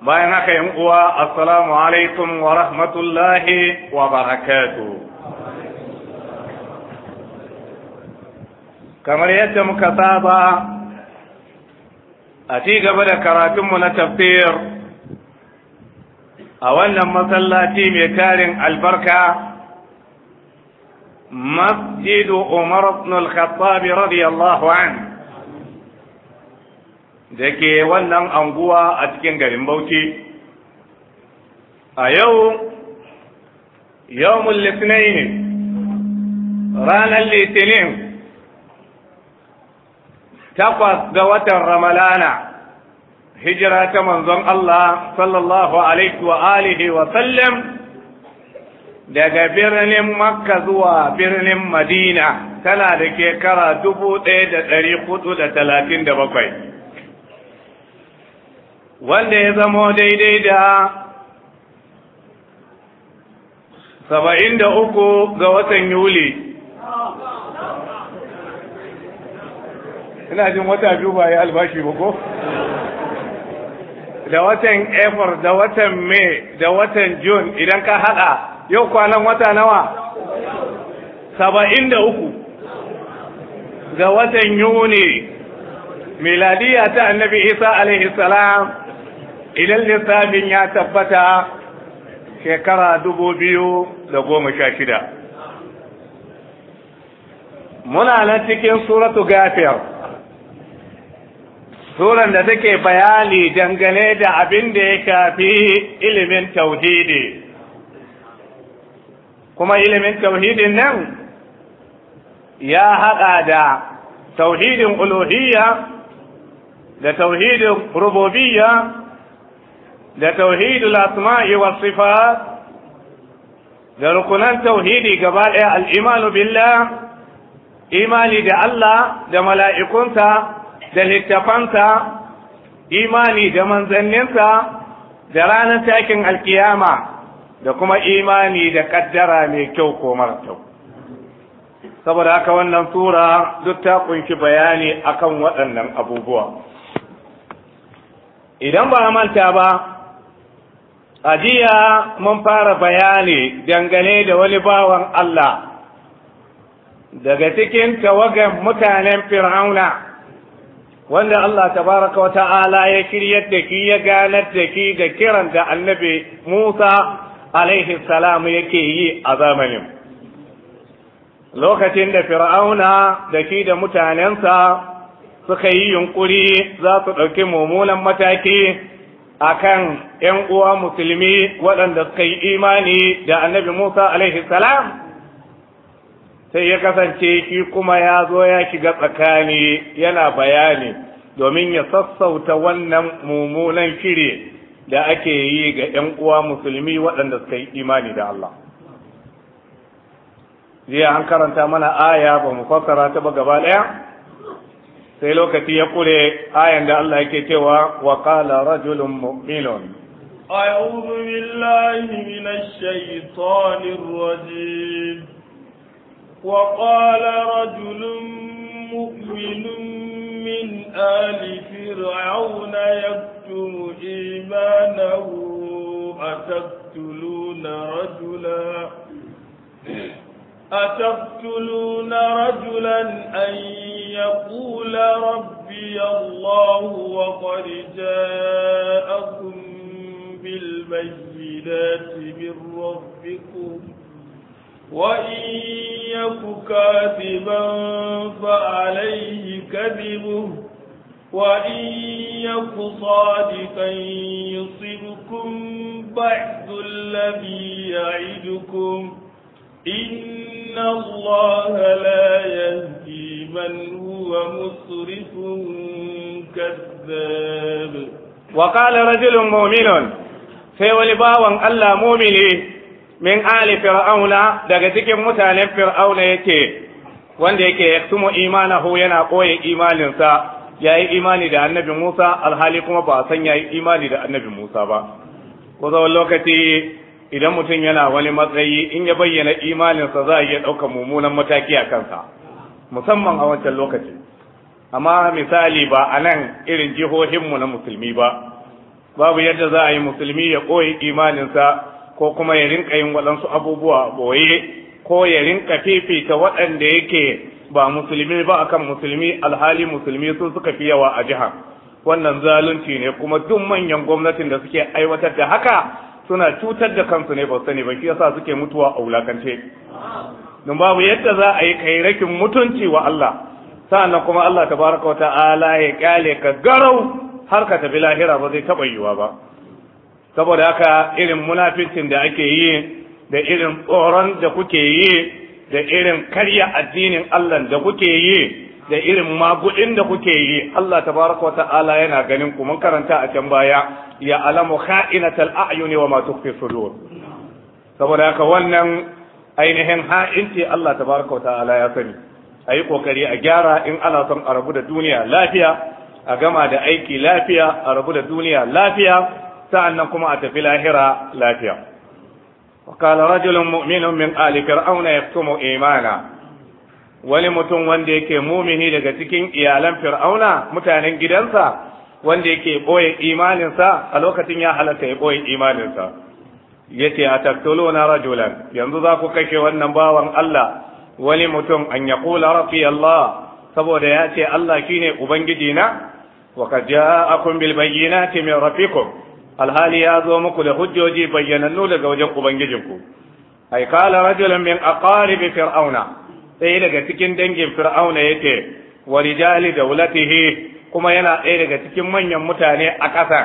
bayan haka yin uwa assalamu alaikum wa rahmatullahi wa barakatuh kamar yadda muka saba a ci gaba da karatunmu na tafsir a wannan masallaci mai tarin albarka masjidu umar ibn al-khattab radiyallahu anhu da ke wannan anguwa a cikin garin bauchi a yau yawon litinin ranar litinin takwas ga watan ramalana hijira ta manzon Allah sallallahu alaihi wa alihi wa sallam daga birnin makka zuwa birnin madina tana da kekara dubu ɗaya da ɗari hudu da talatin da bakwai wanda ya zamo daidai da saba'in da uku ga watan yuli ina jin wata biyu ba ya albashi ba ko da watan efar da watan Me, da watan jun idan ka hada yau kwanan wata nawa saba'in da uku ga watan yuni miladiya ta annabi isa alaihi salam idan lissafin ya tabbata shekara dubu biyu da goma sha shida muna nan cikin suratu gafiyar suran da take bayani dangane da abin da ya shafi ilimin tauhidi kuma ilimin tauhidin nan ya haɗa da tauhidin uluhiyya da tauhidin rububiyya da tauhidul asma'i was sifat da rukunan tauhidi gaba ɗaya al'imanu billah imani da Allah da mala'ikunta da littafanta imani da manzanninsa da ranar takin alkiyama da kuma imani da kaddara mai kyau ko mara kyau saboda haka wannan tura duk ta kunshi bayani akan waɗannan abubuwa idan ba manta ba Hadiya mun fara bayani dangane da wani bawan Allah daga cikin tawagan mutanen Fir'auna wanda Allah tabaraka wa ta'ala ya kiryar da ki ya ganar da ki ga kiran da annabi Musa alaihi salam yake yi a zamanin. Lokacin da Fir'auna da ki da mutanensa suka yi yunkuri za su ɗauki mummunan mataki akan ‘yan uwa musulmi waɗanda suka yi imani da annabi Musa alaihi salam sai ya kasance shi kuma ya zo ya shiga tsakani yana bayani domin ya sassauta wannan mummunan shiri da ake yi ga ‘yan uwa musulmi waɗanda suka yi imani da Allah. zai an karanta mana aya ba mu fassara ta ba gaba ɗaya? sai lokaci ya kure ayan da Allah yake cewa wa qala rajulun mu'minun a'udhu billahi minash shaitanir rajim wa qala rajulun mu'minun min ali fir'auna yaktumu imanahu ataktuluna rajula أتقتلون رجلا أن يقول ربي الله وقد جاءكم بالبينات من ربكم وإن يك كاذبا فعليه كذبه وإن يك صادقا يصبكم بعد الذي يعدكم إن الله لا يهدي من هو مسرف كذاب وقال رجل مؤمن sai wani bawan Allah mumini min ali fir'auna daga cikin mutanen fir'auna yake wanda yake imana imanahu yana koye imaninsa yayi imani da annabi Musa alhali kuma ba san yayi imani da annabi Musa ba ko zaman lokaci idan mutum yana wani matsayi in ya bayyana imaninsa za a iya ɗauka mummunan mataki a kansa musamman a wancan lokaci amma misali ba a nan irin jihohinmu na musulmi ba babu yadda za a yi musulmi ya ɓoye imaninsa ko kuma ya rinka yin waɗansu abubuwa ɓoye ko ya rinka fifita waɗanda yake ba musulmi ba akan musulmi alhali musulmi sun suka fi yawa a jihar wannan zalunci ne kuma duk manyan gwamnatin da suke aiwatar da haka suna cutar da kansu ne ba sani ba shi yasa suke mutuwa a wulakance don babu yadda za a yi kai rakin mutunci wa Allah sa'annan kuma Allah tabaraka wa ta'ala ya kyale ka garau har ka tafi lahira ba zai taba yiwa ba saboda haka irin munafincin da ake yi da irin tsoron da kuke yi da irin karya addinin Allah da kuke yi da irin maguɗin da kuke yi Allah tabaraka wa ta'ala yana ganin ku mun karanta a can baya ya alamu ha'inatal a'yuni wa ma tukhfi sudur saboda haka wannan ainihin ha'inci Allah tabaraka wa ta'ala ya sani ayi kokari a gyara in ana son a rabu da duniya lafiya a gama da aiki lafiya a rabu da duniya lafiya sa'annan kuma a tafi lahira lafiya وقال رجل مؤمن من آل فرعون يكتم imana. wani mutum wanda yake mumini daga cikin iyalan fir'auna mutanen gidansa wanda yake boye imaninsa a lokacin ya halatta ya boye imaninsa yace ataktuluna rajulan yanzu za ku kashe wannan bawan Allah wani mutum an kula rafi Allah saboda ya ce Allah kine ubangiji na wa a ja'akum bil ce min rabbikum alhali ya zo muku da hujjoji bayyanannu daga wajen ubangijinku ay qala rajulun min aqaribi fir'auna sai daga cikin dangin fir'auna yake wa rijali dawlatihi kuma yana ɗaya daga cikin manyan mutane a ƙasa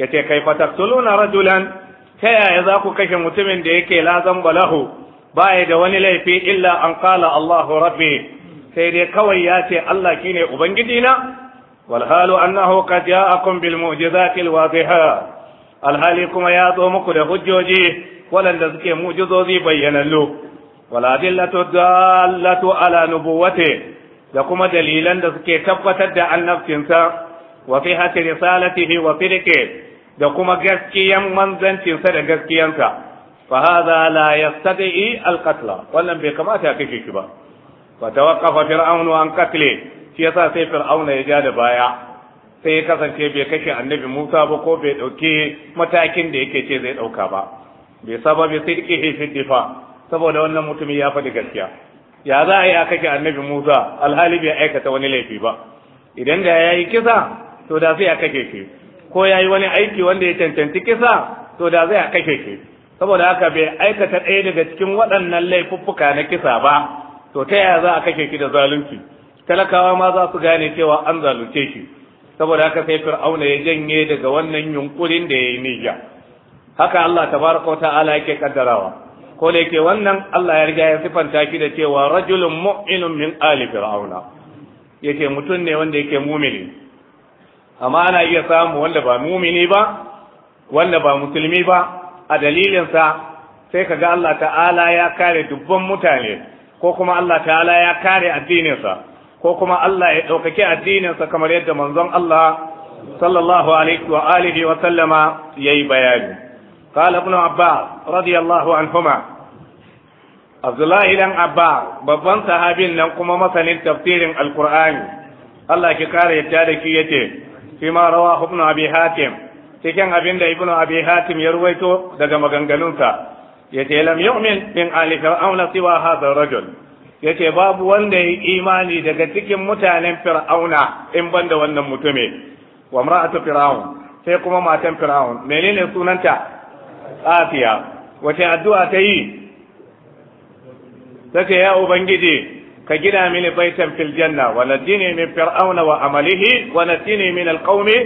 yace kai fataktuluna rajulan ta yaya za ku kashe mutumin da yake lazan balahu ba baya da wani laifi illa an qala Allahu rabbi sai dai kawai ya ce Allah shine ubangijina Walhalu halu annahu qad ja'akum bil mu'jizati al wadiha alhali kuma ya zo muku da hujjoji waɗanda suke mu'jizozi bayyanallu wal adillatu dallatu ala nubuwwati da kuma dalilan da suke tabbatar da annabcinsa wa fi hati risalatihi wa firqi da kuma gaskiyan manzancinsa da gaskiyansa fa hadha la yastati al qatla wannan bai kamata ya kashe shi ba fa tawaqqafa fir'aunu an qatli shi yasa sai fir'auna ya ja da baya sai ya kasance bai kashe annabi Musa ba ko bai ɗauki matakin da yake ce zai ɗauka ba bai saba bai sai ɗike hifin difa saboda wannan mutumin ya faɗi gaskiya ya za a yi aka ki annabi Musa alhali bai aikata wani laifi ba idan da ya yi kisa to da zai a kake shi ko ya yi wani aiki wanda ya cancanci kisa to da zai a kake shi saboda haka bai aikata ɗaya daga cikin waɗannan laifuffuka na kisa ba to ta yaya za a kake shi da zalunci talakawa ma za su gane cewa an zalunce shi saboda haka sai fir'auna ya janye daga wannan yunkurin da ya yi niyya haka Allah tabaraka wa ta'ala yake kaddarawa ko da yake wannan Allah ya riga ya sifanta shi da cewa rajulun mu'minun min ali fir'auna yake mutum ne wanda yake mumini amma ana iya samu wanda ba mumini ba wanda ba musulmi ba a dalilinsa sai kaga Allah ta'ala ya kare dubban mutane ko kuma Allah ta'ala ya kare addininsa ko kuma Allah ya ɗaukaki addininsa kamar yadda manzon Allah sallallahu alaihi wa alihi wa sallama yayi bayani قال ابن عباس رضي الله عنهما Abdullahi dan Abba babban sahabin nan kuma masanin tafsirin Alkur'ani Allah ki kare yadda da ki yace fi ma rawa Ibn Abi Hatim cikin abin da Ibn Abi Hatim ya ruwaito daga maganganunsa yace lam yu'min min ali fir'aun siwa hadha rajul yace babu wanda ya imani daga cikin mutanen fir'auna in banda wannan mutume wa imra'atu fir'aun sai kuma matan fir'aun menene sunanta Asiya wace addu'a ta yi take ya ubangiji ka gina mini baitan fil janna wa najini min fir'auna wa amalihi wa najini min alqaumi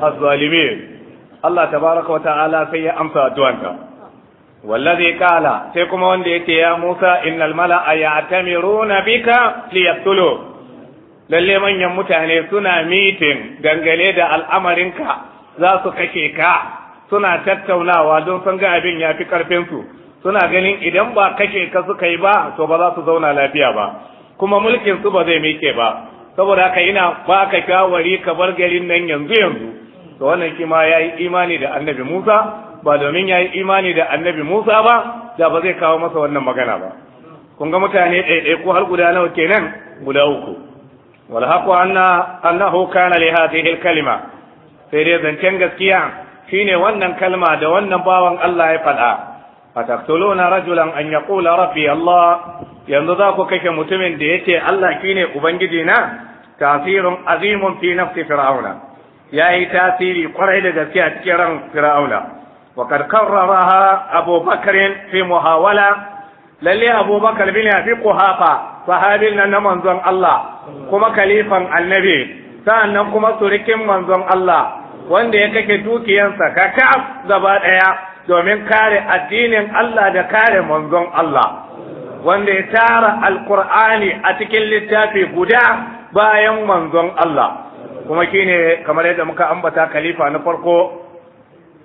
az-zalimin Allah tabaraka wa ta'ala sai ya amsa addu'anka wallazi qala sai kuma wanda yake ya Musa innal mala'a ya'tamiruna bika liyaqtulu Lallai manyan mutane suna mitin dangane da al'amarinka za su kashe ka suna tattaunawa don sun ga abin ya fi karfinsu suna ganin idan ba kashe ka suka yi ba to ba za su zauna lafiya ba kuma mulkin su ba zai mike ba saboda haka ina ba ka shawari ka bar garin nan yanzu yanzu to wannan kima ya yi imani da annabi Musa ba domin ya yi imani da annabi Musa ba da ba zai kawo masa wannan magana ba kun ga mutane ɗaiɗai ko har guda nawa kenan guda uku wal haqu anna annahu kana li hadhihi al kalima sai dai zancen gaskiya shine wannan kalma da wannan bawan Allah ya faɗa ataktuluna rajulan an yaqula rabbi Allah yanzu za ku kashe mutumin da yace Allah shine ubangiji na tasirun azimun fi nafsi fir'auna yayi tasiri kwarai da gaske a cikin ran fir'auna wa kad Abubakar Abu Bakr fi muhawala lalle Abu Bakr bin Abi Quhafa sahabin nan na manzon Allah kuma kalifan annabi sa'annan kuma surikin manzon Allah wanda ya kake dukiyansa kakaf gaba daya domin kare addinin Allah da kare manzon Allah wanda ya tara alkur'ani a cikin littafi guda bayan manzon Allah kuma kine kamar yadda muka ambata khalifa na farko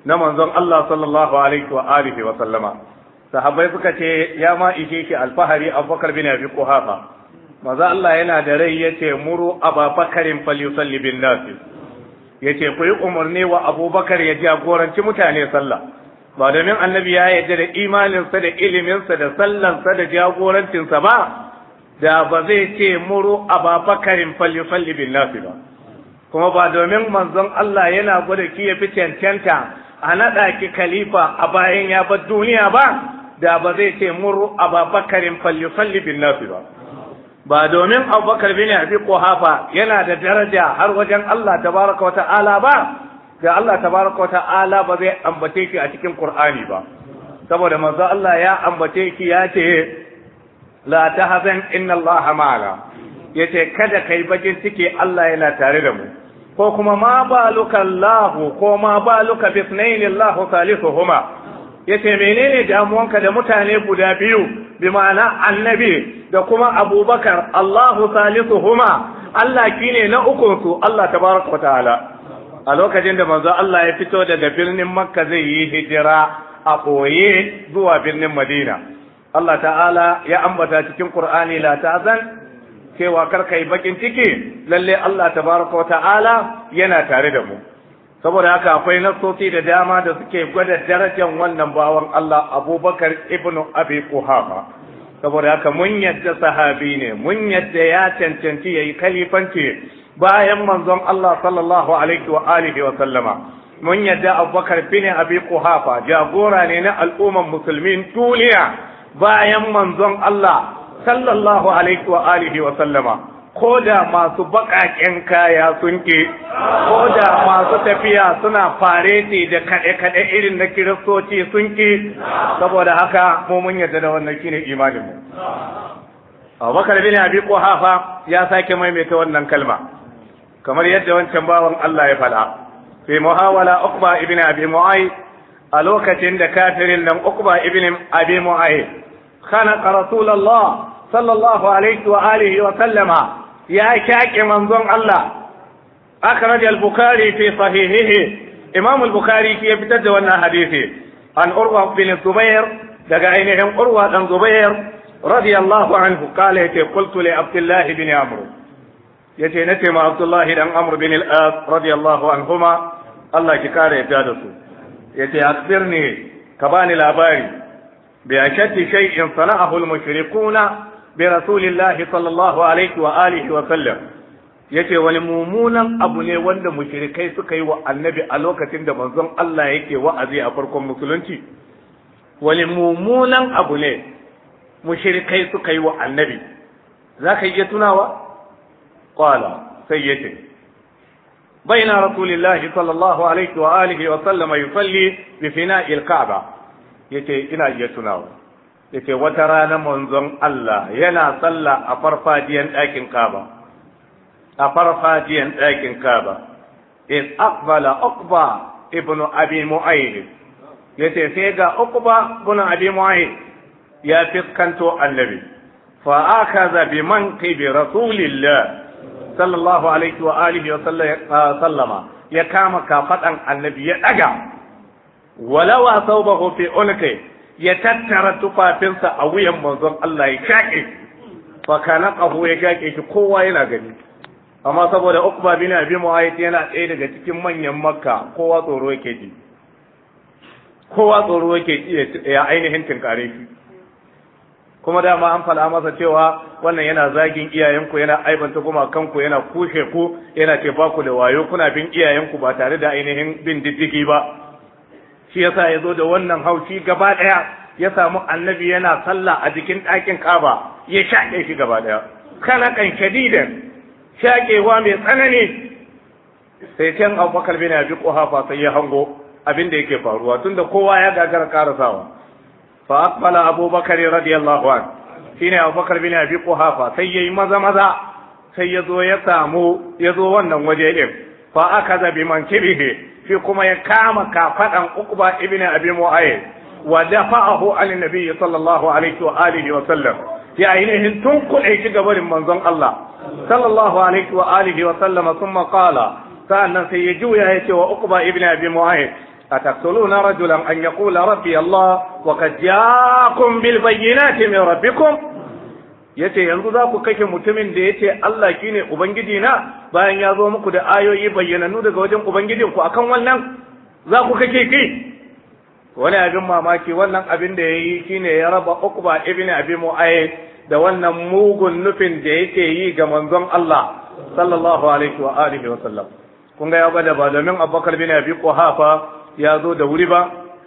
na manzon Allah sallallahu alaihi wa alihi wa sallama sahabbai suka ce ya ma ishe shi alfahari Abubakar bin Abi Quhafa Maza Allah yana da rai yace muru ababakarin falyusalli bin nas yace ku yi umarni wa Abubakar ya jagoranci mutane sallah ba domin annabi ya yarda da imaninsa da iliminsa da sallansa da jagorancinsa ba da ba zai ce muru ababakarin falli falli bin nafi ba kuma ba domin manzon Allah yana gwada ki ya fi cancanta a naɗa ki khalifa a bayan ya bar duniya ba da ba zai ce muru ababakarin falli falli bin nafi ba ba domin abubakar bin abi kuhafa yana da daraja har wajen Allah tabaraka wa ta'ala ba da Allah tabaraka wa ta'ala ba zai ambace ki a cikin Qur'ani ba saboda manzo Allah ya ambace ki ya ce la tahzan inna Allah ma'ana yace kada kai bakin ciki Allah yana tare da mu ko kuma ma baluka Allah ko ma baluka bi ithnain Allah salisuhuma yace menene damuwanka da mutane guda biyu bi ma'ana annabi da kuma Abubakar Salisu Huma? Allah kine na ukunsu Allah tabaraka wa ta'ala a lokacin da manzo Allah ya fito daga birnin Makka zai yi hijira a koye zuwa birnin Madina Allah ta'ala ya ambata cikin Qur'ani la ta'zan cewa kar kai bakin ciki lalle Allah tabaraka ta'ala yana tare da mu saboda haka akwai nassosi da dama da suke gwada darajar wannan bawan Allah Abubakar ibnu Abi Quhafa saboda haka mun yadda sahabi ne mun yadda ya cancanci yayi kalifanci. bayan manzon Allah sallallahu alaihi wa alihi wa sallama mun yadda Abubakar bin Abi Quhafa jagora ne na al'umman musulmin duniya bayan manzon Allah sallallahu alaihi wa alihi wa sallama ko da masu baƙaƙen kaya sun ke ko da masu tafiya suna fareti da kaɗe-kaɗe irin na kiristoci sun ke saboda haka mu mun yadda da wannan shine imaninmu Abubakar bin Abi Quhafa ya sake maimaita wannan kalma kamar yadda wancan bawan Allah ya fada fi muhawala Uqba ibn Abi Mu'ayth a lokacin da kafirin nan Uqba ibn Abi Mu'ayth khana Rasulullah sallallahu alaihi wa alihi wa sallama ya shaƙi manzon Allah akhraj al-Bukhari fi sahihihi Imam al-Bukhari fitar da wannan hadisi an Urwa bin Zubair daga ainihin Urwa dan Zubair radiyallahu anhu kala yace qultu li Abdullah ibn Amr yace na ce ma Abdullahi dan Amr bin al-As radiyallahu anhuma Allah ki kare yadda da su yace akhbirni ka bani labari bi akati shay'in sana'ahu al-mushrikuna bi rasulillahi sallallahu alaihi wa alihi wa sallam yace wani mummunan abu ne wanda mushrikai suka yi wa annabi a lokacin da manzon Allah yake wa'azi a farkon musulunci wani mummunan abu ne mushrikai suka yi wa annabi za ka iya tunawa qala sai ya yace baina rasulillahi sallallahu alaihi wa alihi wa sallama yusalli bi fina'il ka'ba yace ina iya tunawa yace wata rana manzon Allah yana sallah a farfajiyan ɗakin Ka'aba a farfajiyan ɗakin Ka'aba in aqbala Uqba ibn Abi Mu'ayyid yace sai ga Uqba ibn Abi Mu'ayyid ya fiskanto annabi fa akaza bi manqibi rasulillah sallallahu alaihi wa alihi wa uh, sallama ya kama kafadan annabi ya daga walawa saubahu fi ulqi ya tattara tufafinsa a wuyan manzon Allah ya kake fa kana qahu ya kake shi kowa yana gani amma saboda ukba bin abi muayyid yana ɗaya daga cikin manyan makka kowa tsoro yake ji kowa tsoro yake ji ya ainihin tinkare shi kuma dama an faɗa masa cewa wannan yana zagin iyayenku yana aibanta kuma kanku yana kushe ku yana ce ba ku da wayo kuna bin iyayenku ba tare da ainihin bin diddigi ba shi yasa ya zo da wannan haushi gaba ɗaya ya samu annabi yana sallah a jikin ɗakin kaba ya shaƙe shi gaba ɗaya kan shadidan shaƙewa mai tsanani sai can abubakar bin abi ƙuhafa sai ya hango abin da yake faruwa tunda kowa ya gagara karasawa fa aqbala abubakar radiyallahu anhu shine abubakar bin abi quhafa sai yayi maza maza sai yazo zo ya samu ya zo wannan waje din fa akaza bi mankibihi shi kuma ya kama kafadan uqba ibn abi mu'ayyid wa dafa'ahu an nabiy sallallahu alaihi wa wa sallam ya ainihin tunkuɗe shi gabarin manzon Allah sallallahu alaihi wa wa sallama thumma qala sa'annan sai ya juya ya ce wa uqba ibn أتقتلون رجلا أن يقول ربي الله وقد جاءكم بالبينات من ربكم yace yanzu za ku kashe mutumin da yace Allah shine ubangiji na bayan ya zo muku da ayoyi bayyananu daga wajen ubangijin ku akan wannan za ku kai kai? wani abin mamaki wannan abin da yayi kine ya raba Uqba ibn Abi Mu'ayy da wannan mugun nufin da yake yi ga manzon Allah sallallahu alaihi wa alihi wa sallam kun ga ya bada ba domin Abubakar bin Abi Quhafa ya zo da wuri ba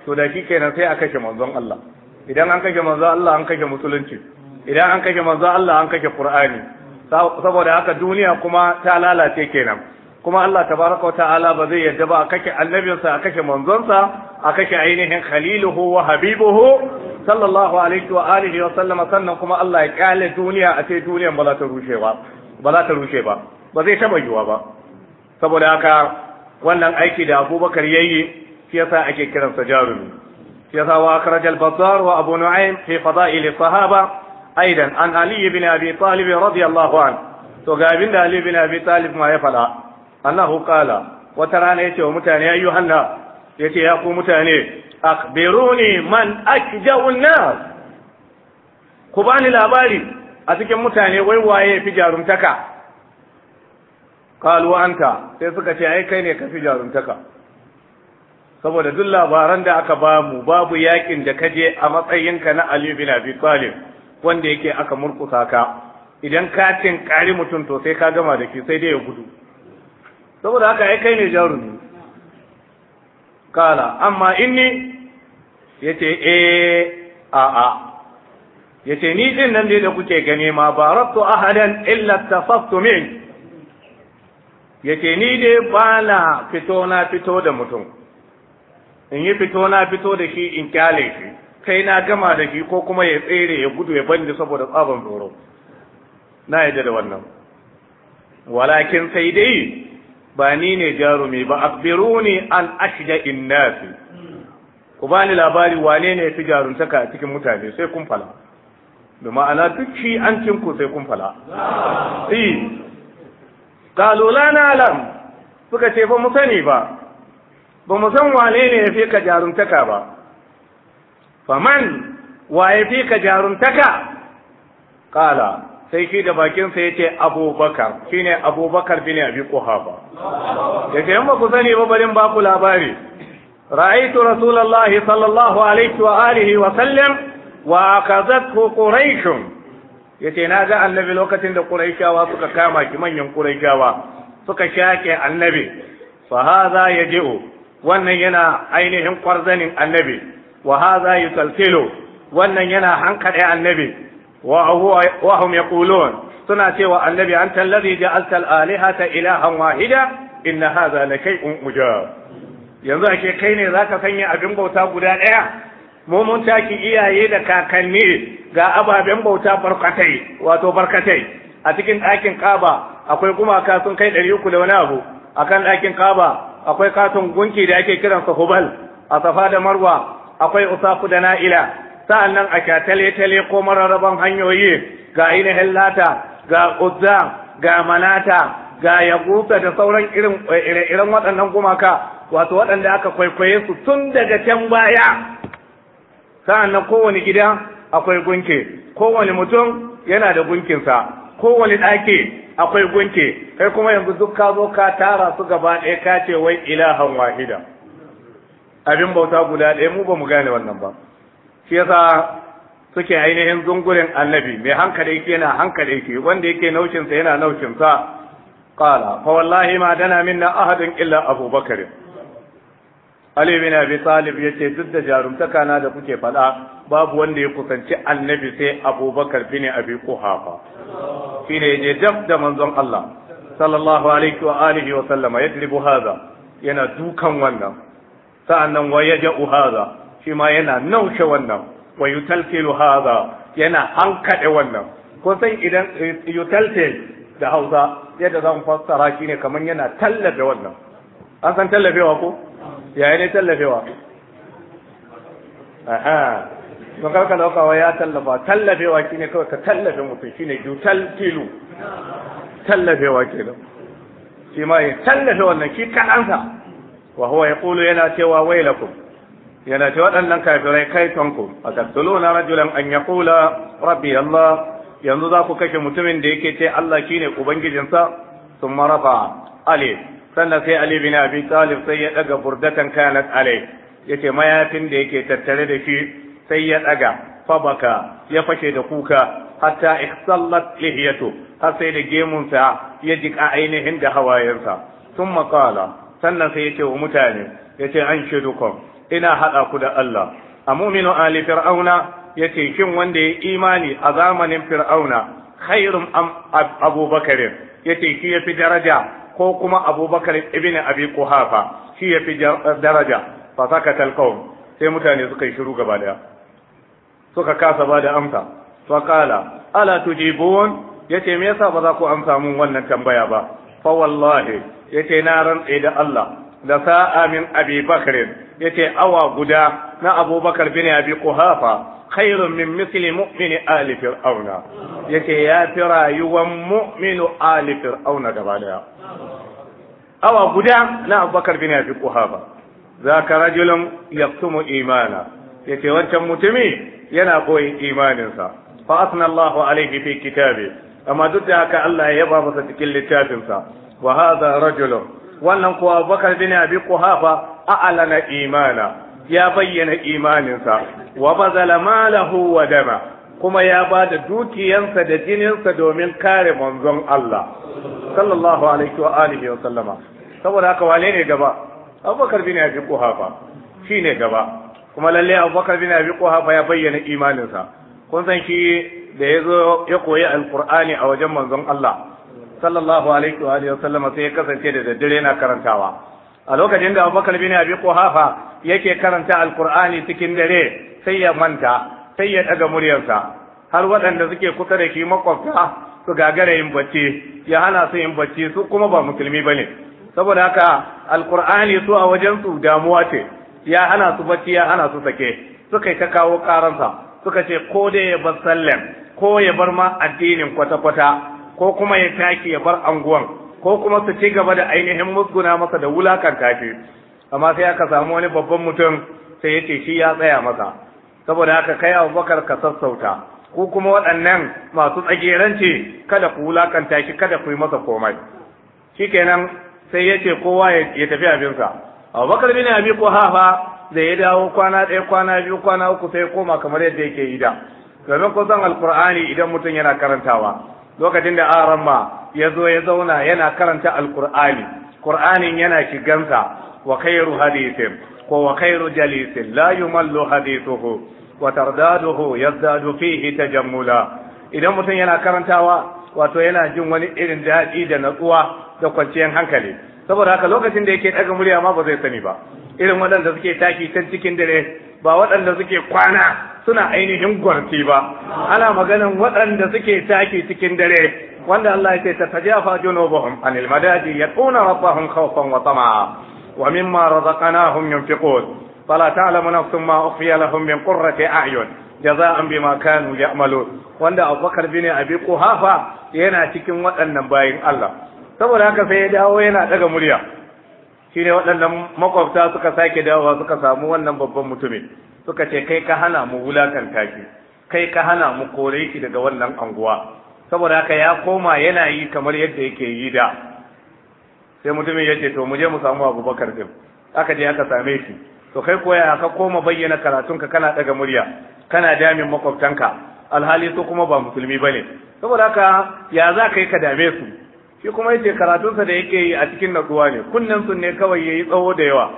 to da shi kenan sai a kashe manzon Allah idan an kashe manzon Allah an kashe musulunci idan an kashe manzon Allah an kashe Qur'ani saboda haka duniya kuma ta lalace kenan kuma Allah tabaraka wa ta'ala ba zai yadda ba a kashe annabinsa a kashe manzonsa a kashe ainihin khaliluhu wa habibuhu sallallahu alaihi wa alihi wa sallama sannan kuma Allah ya kyale duniya a ce duniyan ba za ta rushe ba ba za ta rushe ba ba zai taba yiwa ba saboda haka wannan aiki da Abubakar yayi shi yasa ake kiransa jarumi shi yasa wa akhraj al-bazzar wa abu nu'aym fi fada'il sahaba aidan an ali ibn abi talib radiyallahu an to ga abin da ali ibn abi talib ma ya fada annahu qala wata rana yace wa mutane ayyuhan nas yace ya ku mutane akhbiruni man akja'un nas ku bani labari a cikin mutane wai waye fi jarumtaka qalu sai suka ce ai kai ne ka fi jarumtaka saboda duk labaran da aka ba mu babu yakin da kaje a matsayinka na Ali bin Abi Talib wanda yake aka murkusa ka idan ka ƙari mutum to sai ka gama da ke, sai dai ya gudu saboda haka ai kai ne jarumi kala amma inni yace eh a a yace ni din nan da kuke gane ma baratu ahadan illa tafattu min yace ni dai bana fito na fito da mutum in yi fito na fito da shi in kyale shi sai na gama da shi ko kuma ya tsere ya gudu ya bani saboda tsabon tsoro na yadda da wannan walakin sai dai ba ni ne jarumi ba akhbiruni an ashja innasi ku bani labari wane ne fi jaruntaka cikin mutane sai kun fala da ma'ana duk shi an cinku sai kun fala eh qalu la na'lam suka ce ba mu sani ba ba mu san wane ne ya fi ka jarumtaka ba faman wa ya fi ka jarumtaka kala sai shi da bakinsa ya ce abubakar shi ne abubakar bin abi kuhafa da ke ba ku sani ba barin ba ku labari ra'aitu Rasulallah sallallahu alaihi wa alihi wa sallam wa akazathu quraishun yace na ga annabi lokacin da quraishawa suka kama ki manyan quraishawa suka shake annabi fa hadha yaji'u wannan yana ainihin kwarzanin annabi wa hadha yusalsilu wannan yana hankade annabi wa huwa hum yaqulun suna cewa annabi anta alladhi ja'alta al-alihata ilahan wahida inna hadha lakay'un mujab yanzu ake kai ne zaka sanya abin bauta guda daya mu mun taki iyaye da kakanni ga ababen bauta barkatai wato barkatai a cikin ɗakin kaba akwai gumaka sun kai ɗari uku da wani abu akan ɗakin kaba akwai katon gunki da ake kiransa hubal a safa da marwa akwai usafu da na'ila sa'annan a kyatale-tale ko mararraban hanyoyi ga ainihin lata ga uzza ga manata ga yagusa da sauran irin eh, ire-iren waɗannan gumaka wato waɗanda aka kwaikwaye su tun daga can baya sa'annan kowane gida akwai gunki kowane mutum yana da gunkinsa kowane ɗaki akwai gunke kai kuma yanzu duk ka zo ka tara su gaba ɗaya ka ce wai ilahan wahida abin bauta guda ɗaya mu ba mu gane wannan ba shi yasa suke ainihin zungurin annabi mai hankali yake yana hankali yake wanda yake naucinsa yana naucinsa qala fa wallahi ma dana minna ahadin illa abubakar Ali bin Abi Talib yace duk da jarumtaka na da kuke faɗa babu wanda ya kusanci annabi sai Abubakar bin Abi Quhafa shine da manzon Allah sallallahu alaihi wa alihi wa sallama yadribu yana dukan wannan sa'annan wa yaj'u haza, shi ma yana naushe wannan wa yutalkilu haza, yana hankade wannan ko sai idan eh, yutalkil da Hausa yadda zan fassara ne kaman yana tallafe wannan an san tallafewa ko ne tallafewa aha don karka dauka wai ya tallafa tallafewa shine kawai ka tallafe mutum shine jutal tilu tallafewa kenan shi ma ya tallafe wannan shi kaɗansa wa huwa yaqulu yana cewa wailakum yana ce waɗannan kafirai kai tonku a tattuluna rajulan an yaqula rabbi allah yanzu za ku kashe mutumin da yake ce allah shine ubangijinsa sun marafa ali sannan sai ali bin abi talib sai ya daga burdatan kanat ya ce mayafin da yake tattare da shi sai ya daga fabaka ya fashe da kuka hatta ihsallat lihiyatu har sai da gemunsa ya jika ainihin da hawayensa sun makala sannan sai ya ce wa mutane ya ce an shidukum ina haɗa ku da Allah a muminu ali fir'auna ya ce shin wanda ya imani a zamanin fir'auna khairun Abubakar yace ya ce shi ya fi daraja ko kuma abubakar ibn abi kuhafa shi ya fi daraja fa sakatal qaum sai mutane suka yi shiru gaba daya suka kasa ba da amsa fa qala ala tujibun yace me yasa ba za ku amsa mun wannan tambaya ba fa wallahi yace na rantse da Allah da sa'a min Abi Bakr yace awa guda na Abu Bakar bin Abi Quhafa khairun min misli mu'min ali fir'auna yace ya fi rayuwan mu'minu ali fir'auna gaba daya awa guda na Abubakar bin Abi Quhafa zaka rajulun yaqtumu imana yace wancan mutumi yana koyin imaninsa fa asna Allahu fi kitabi amma duk da haka Allah ya yaba masa cikin littafinsa wa hadha rajulun wannan kuwa Bakar bin Abi Quhafa a'lana imana ya bayyana imaninsa wa bazala malahu wa dama kuma ya ba da dukiyansa da jininsa domin kare manzon Allah sallallahu alaihi wa alihi wa sallama saboda haka wane ne gaba Abubakar bin Abi Quhafa shine gaba kuma lalle abubakar bin abi quhafa ya bayyana imaninsa kun san shi da ya zo ya koyi alqur'ani a wajen manzon Allah sallallahu alaihi wa alihi wasallam sai ya kasance da daddare na karantawa a lokacin da abubakar bin abi quhafa yake karanta alqur'ani cikin dare sai ya manta sai ya daga muryarsa har waɗanda suke kusa da shi makwabta su gagara yin bacci ya hana su yin bacci su kuma ba musulmi bane saboda haka alqur'ani su a wajen su damuwa ce ya hana su bacci ya hana su sake suka ta kawo karansa suka ce ko dai ya bar sallan ko ya bar ma addinin kwata-kwata ko kuma ya taki ya bar anguwan ko kuma su ci gaba da ainihin musguna masa da wulakan tafi amma sai aka samu wani babban mutum sai ya ce shi ya tsaya masa saboda haka kai abubakar ka sassauta ko kuma waɗannan masu tsageranci kada ku wulakanta shi kada ku yi masa komai shikenan sai ya ce kowa ya tafi abinsa abubakar bin abi quhafa da ya dawo kwana ɗaya kwana biyu kwana uku sai koma kamar yadda yake yi da domin zan alkur'ani idan mutum yana karantawa lokacin da aramma ya zo ya zauna yana karanta alkur'ani qur'anin yana shigansa wa khairu hadithin ko wa khairu jalisin la yumallu hadithuhu wa tardaduhu yazdadu fihi tajammula idan mutum yana karantawa wato yana jin wani irin daɗi da natsuwa da kwanciyar hankali saboda haka lokacin da yake ɗaga murya ma ba zai sani ba irin waɗanda suke taki can cikin dare ba waɗanda suke kwana suna ainihin gwarti ba ana maganin waɗanda suke taki cikin dare wanda Allah ya ce ta tajafa junubuhum anil madaji yaquna rabbahum khawfan wa tama'a wa mimma razaqnahum yunfiqun فلا تعلم نفس ما أخفي لهم من a أعين جزاء بما كانوا يعملون wanda abubakar bin abi kuhafa yana cikin waɗannan bayin Allah saboda haka sai ya dawo yana daga murya shi ne waɗannan makwabta suka sake dawowa suka samu wannan babban mutumin suka ce kai ka hana mu wulakan ki kai ka hana mu kore ki daga wannan anguwa saboda haka ya koma yana yi kamar yadda yake yi da sai mutumin ya ce to mu je mu samu abubakar din aka je aka same shi to kai koya ka koma bayyana karatunka kana daga murya kana damin makwabtanka alhali su kuma ba musulmi bane saboda haka ya za ka yi ka dame su shi kuma yace sa da yake yi a cikin natsuwa ne kunnen ne kawai yayi tsawo da yawa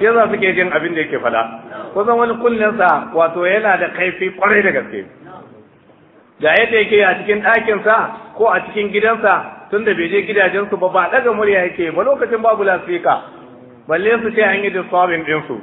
yasa suke jin abin da yake fada kusan wani sa wato yana da kaifi kwarai da gaske ga yadda yake a cikin sa ko a cikin gidansa tun da bai je gidajensu ba ba ɗaga murya yake ba lokacin babu lasika. balle su ce an yi da din ɗinsu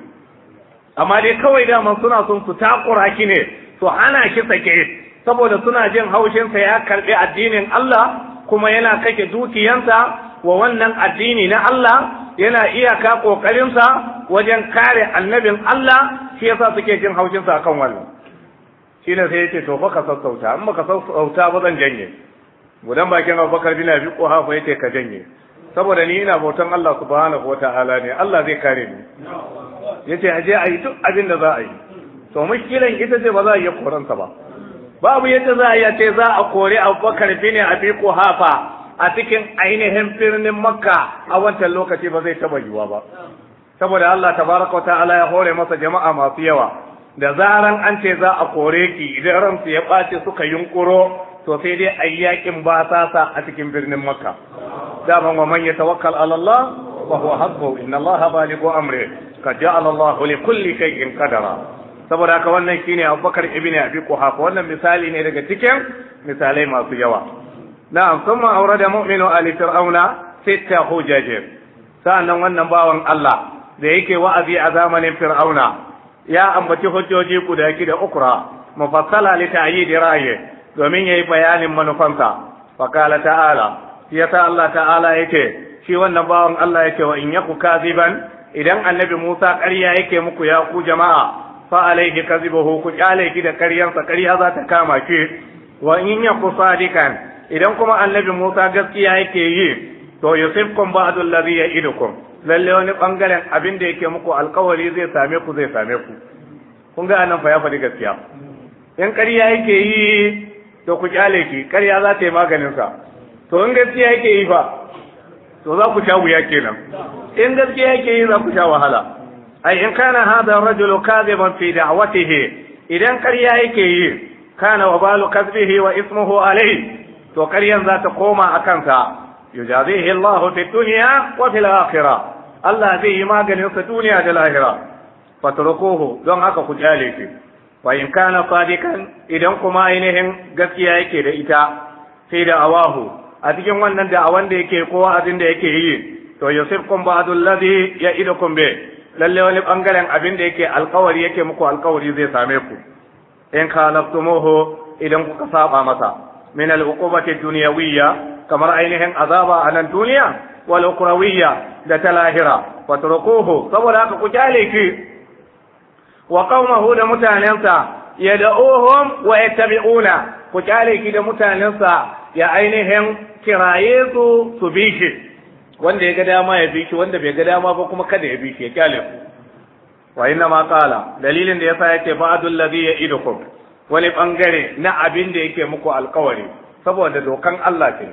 amma dai kawai dama suna son su takura ki ne su hana ki sake saboda suna jin haushinsa ya karɓi addinin Allah kuma yana kake dukiyansa wa wannan addini na Allah yana iyaka kokarinsa wajen kare annabin Allah shi yasa suke jin haushin akan wannan shi ne sai yace to fa ka sassauta in baka sassauta ba zan janye gudan bakin Abubakar bin Abi Quhafa yake ka janye saboda ni ina bautan Allah subhanahu wataala ne Allah zai kare ni yace aje ayi duk abin da za a yi to mushkilan ita ce ba za a yi koransa ba babu yadda za a ce za a kori abubakar bin abi kuhafa a cikin ainihin birnin makka a wancan lokaci ba zai taba yiwa ba saboda Allah tabaraka wa ta'ala ya hore masa jama'a masu yawa da zaran an ce za a kore ki idan ransu ya ɓace suka yunkuro to sai dai a yakin ba sa a cikin birnin makka daman wa man yatawakkal ala Allah wa huwa hasbuhu inna Allah balighu amri qad ja'ala Allah li kulli shay'in qadara saboda haka wannan shine Abubakar ibn Abi Quhafa wannan misali ne daga cikin misalai masu yawa na'am kuma aurada mu'minu ali fir'auna sitta hujaj sa'annan wannan bawan Allah da yake wa'azi a zamanin fir'auna ya ambaci hujjoji guda da ukura mufassala li da ra'yi domin yayi bayanin manufansa faqala ta'ala yasa Allah ta'ala yake shi wannan bawan Allah yake wa in yaku kaziban idan annabi Musa ƙarya yake muku ya ku jama'a fa alayhi kadhibuhu ku kyale ki da ƙaryarsa ƙarya za ta kama ki wa in yaku sadikan idan kuma annabi Musa gaskiya yake yi to yusifkum ba'du alladhi ya'idukum lalle wani bangaren abin da yake muku alkawari zai same ku zai same ku kun ga anan fa ya faɗi gaskiya in ƙarya yake yi to ku kyale ki ƙarya za ta yi maganin sa to in gaskiya yake yi fa to za ku sha wuya kenan in gaskiya yake yi za ku sha wahala ay in kana hada rajulu kadhiban fi da'watihi idan ƙarya yake yi kana wa balu kasbihi wa ismuhu alayhi to qaryan za ta koma a kansa yujazihi Allahu fi dunya wa fil akhirah Allah zai yi maganin sa duniya da lahira fatrukuhu don haka ku jale shi wa in kana sadikan idan kuma ainihin gaskiya yake da ita sai da awahu a cikin wannan da da yake kowa abin da yake yi to yusifkum ba'dul ladhi ya'idukum bih lalle wani bangaren abin da yake alkawari yake muku alkawari zai same ku in khalaftumuhu idan kuka saba masa min al-uqubati dunyawiyya kamar ainihin azaba a nan duniya wal ukrawiyya da ta lahira fatrukuhu saboda haka ku kyale ki wa qaumahu da mutanensa yad'uhum wa yattabi'una ku kyale ki da mutanensa ya ainihin kiraye su su wanda ya ga dama ya bi shi wanda bai ga dama ba kuma kada ya bi shi ya kyale ku wa inna ma qala dalilin da yasa yake ba'dul ladhi ya'idukum wani bangare na abin da yake muku alkawari saboda dokan Allah ce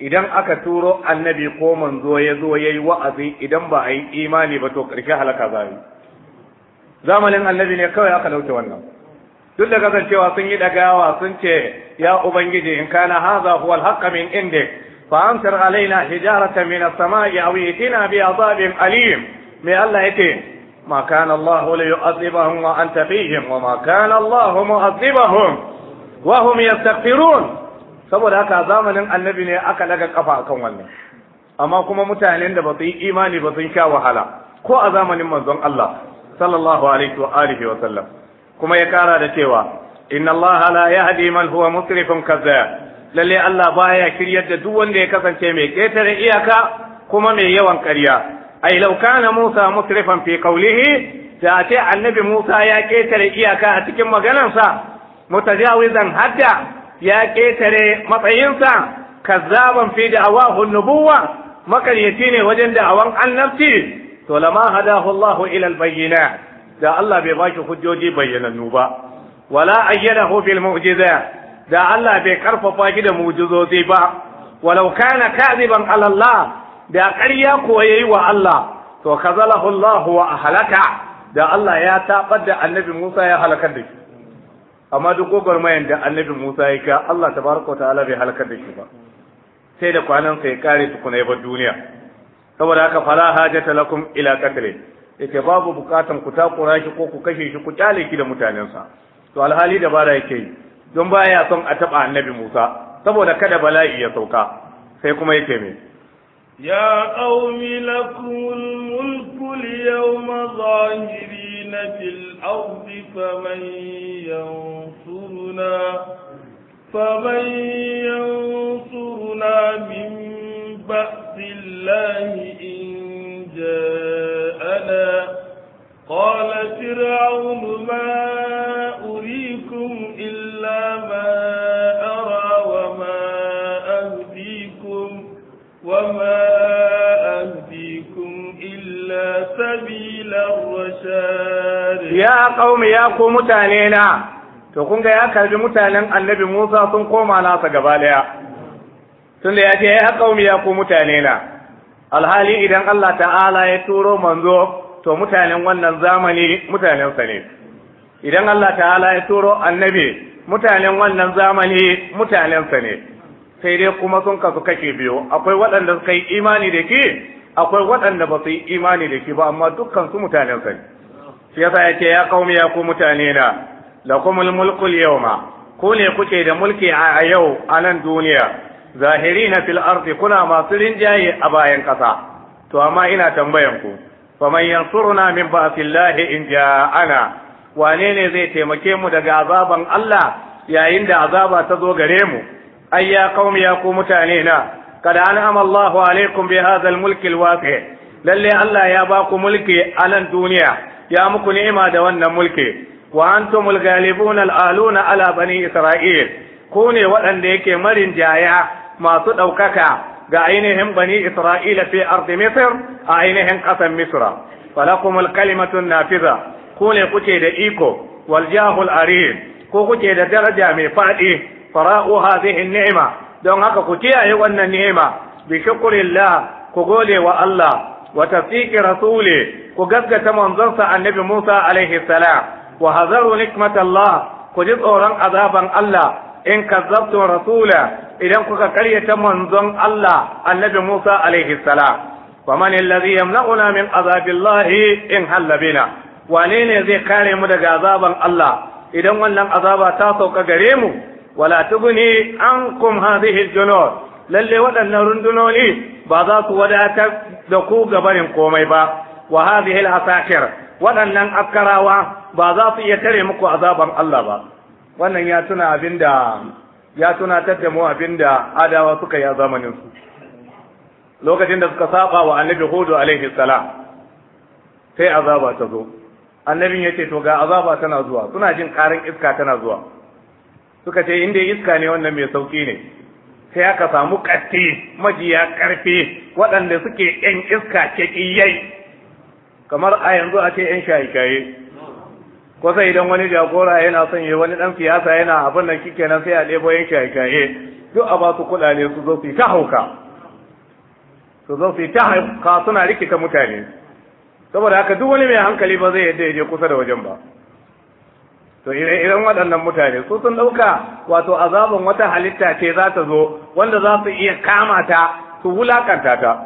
idan aka turo annabi ko manzo ya zo yayi wa'azi idan ba a yi imani ba to karshe halaka za yi zamanin annabi ne kawai aka dauke wannan duk da kasancewa sun yi dagawa sun ce ya ubangiji in kana hadha huwa al min indik فأمطر علينا حجارة من السماء أو ائتنا بعذاب أليم من الله يتي ما كان الله ليعذبهم وأنت فيهم وما كان الله معذبهم وهم يستغفرون saboda haka zamanin annabi ne aka daga kafa akan wannan amma kuma mutanen da ba su yi imani ba sun sha wahala ko a zamanin manzon Allah sallallahu alaihi wa alihi wa sallam kuma ya kara da cewa inna Allah la yahdi man huwa musrifun kazzab lalle Allah baya kiryar da duk wanda ya kasance mai ƙetare iyaka kuma mai yawan ƙarya ai law kana Musa musrifan fi qawlihi da a ce annabi Musa ya ƙetare iyaka a cikin maganarsa mutajawizan hadda ya ƙetare matsayinsa kazzaban fi da'awahu nubuwa makaryaci ne wajen da'awan annabci to lama hadahu Allah ila al da Allah bai baki hujjoji bayyanannu ba wala ayyadahu fil mu'jizat da Allah bai karfafa ki da mujizozi ba walau kana kadiban ala Allah da ƙarya ko yayi wa Allah to kazalahu Allah wa ahlaka da Allah ya tabar da annabi Musa ya halakar da shi amma duk gogormayan da annabi Musa ya ka Allah tabaraka ta'ala bai halakar da shi ba sai da kwanan sai kare tukuna ya duniya saboda haka fala hajata lakum ila qatli yake babu bukatan ku takura shi ko ku kashe shi ku kyale ki da mutanensa to alhali da bara yake yi don baya son a taɓa annabi Musa saboda kada bala'i ya sauka sai kuma yake me ya qaumi lakumul mulku al-yawma na fil ardi faman yansuruna faman yansuruna min ba'sillahi in ja'ana qala fir'aunu ma Ya الرشاد يا قوم يا to kun ga ya karbi mutanen annabi Musa sun koma nasa gaba daya tun da ya ce ya kaumi ya ku mutane na alhali idan Allah ta'ala ya turo manzo to mutanen wannan zamani mutanen sa ne idan Allah ta'ala ya turo annabi mutanen wannan zamani mutanen sa ne sai dai kuma sun kasu kake biyu akwai waɗanda suka yi imani da ke akwai waɗanda ba su yi imani da shi ba amma dukkan su mutanen sa shi yasa yake ya kaumi ya ku mutane na lakumul mulkul yawma ku ne kuke da mulki a yau a nan duniya zahirina fil ardi kuna masu rinjaye a bayan kasa to amma ina tambayan ku faman yansuruna min ba'sillahi in ja'ana wane ne zai taimake mu daga azaban Allah yayin da azaba ta zo gare mu ai ya kaumi ya ku mutane na قد أنعم الله عليكم بهذا الملك الواسع للي الله يا باكو ملكي على الدنيا يا مكو نعمة دوانا ملكي وأنتم الغالبون الآلون على بني إسرائيل كوني وأن ديك مرن جايا ما تدوكك بعينهم بني إسرائيل في أرض مصر عينهم قسم مصر فلكم الكلمة النافذة كوني قتي دئيكو والجاه الأريد كو قتي درجة من فادي فرأوا هذه النعمة don haka ku kiyaye wannan ni'ima bi shukrillah ku gode wa Allah wa tasdiqi rasuli ku gaskata manzonsa annabi Musa alaihi salam wa hazaru nikmatallah ku ji tsoron azaban Allah in kazzabtu rasula idan kuka karyata manzon Allah annabi Musa alaihi salam fa man alladhi yamna'una min azabillahi in hallabina wane ne zai kare mu daga azaban Allah idan wannan azaba ta sauka gare mu wala an ankum hadhihi al-junud lalle waɗannan rundunoni ba za su wadatar da ku gabarin komai ba wa hadhihi al-asakir waɗannan askarawa ba za su iya tare muku azaban Allah ba wannan ya tuna abinda ya tunatar da mu abinda adawa suka yi a zamanin su lokacin da suka saba wa annabi hudu alaihi salam sai azaba ta zo annabin yace to ga azaba tana zuwa suna jin karin iska tana zuwa suka ce inda iska ne wannan mai sauki ne sai aka samu katti majiya karfe waɗanda suke yan iska kekiyai kamar a yanzu a ce yan shaye-shaye ko sai idan wani jagora yana son ya wani ɗan siyasa yana abin nan sai a ɗebo yan shaye-shaye duk a ba su kuɗaɗe su zo su ta hauka su zo su ta hauka suna rikita mutane saboda haka duk wani mai hankali ba zai yadda ya je kusa da wajen ba to ire-iren waɗannan mutane su sun ɗauka wato azaban wata halitta ce za ta zo wanda za su iya kama ta su wulakanta ta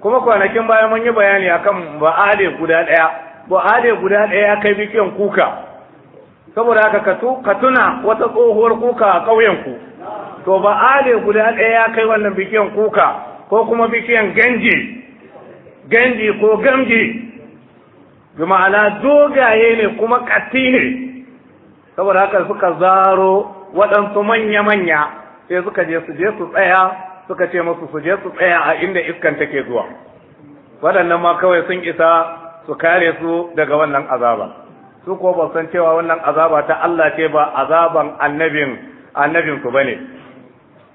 kuma kwanakin baya mun yi bayani akan ba'ade guda ɗaya ba'ade guda ɗaya ya kai bikin kuka saboda haka ka tuna wata tsohuwar kuka a ku to ba'ade guda ɗaya ya kai wannan bikin kuka ko kuma bikin ganje ganji ko gamje bi ma'ana dogaye ne kuma ƙatti ne saboda haka suka zaro waɗansu manya-manya sai suka je su je su tsaya suka ce musu su je su tsaya a inda iskan take zuwa waɗannan ma kawai sun isa su kare su daga wannan azaba su ko ba san cewa wannan azaba ta Allah ce ba azaban annabin annabin su bane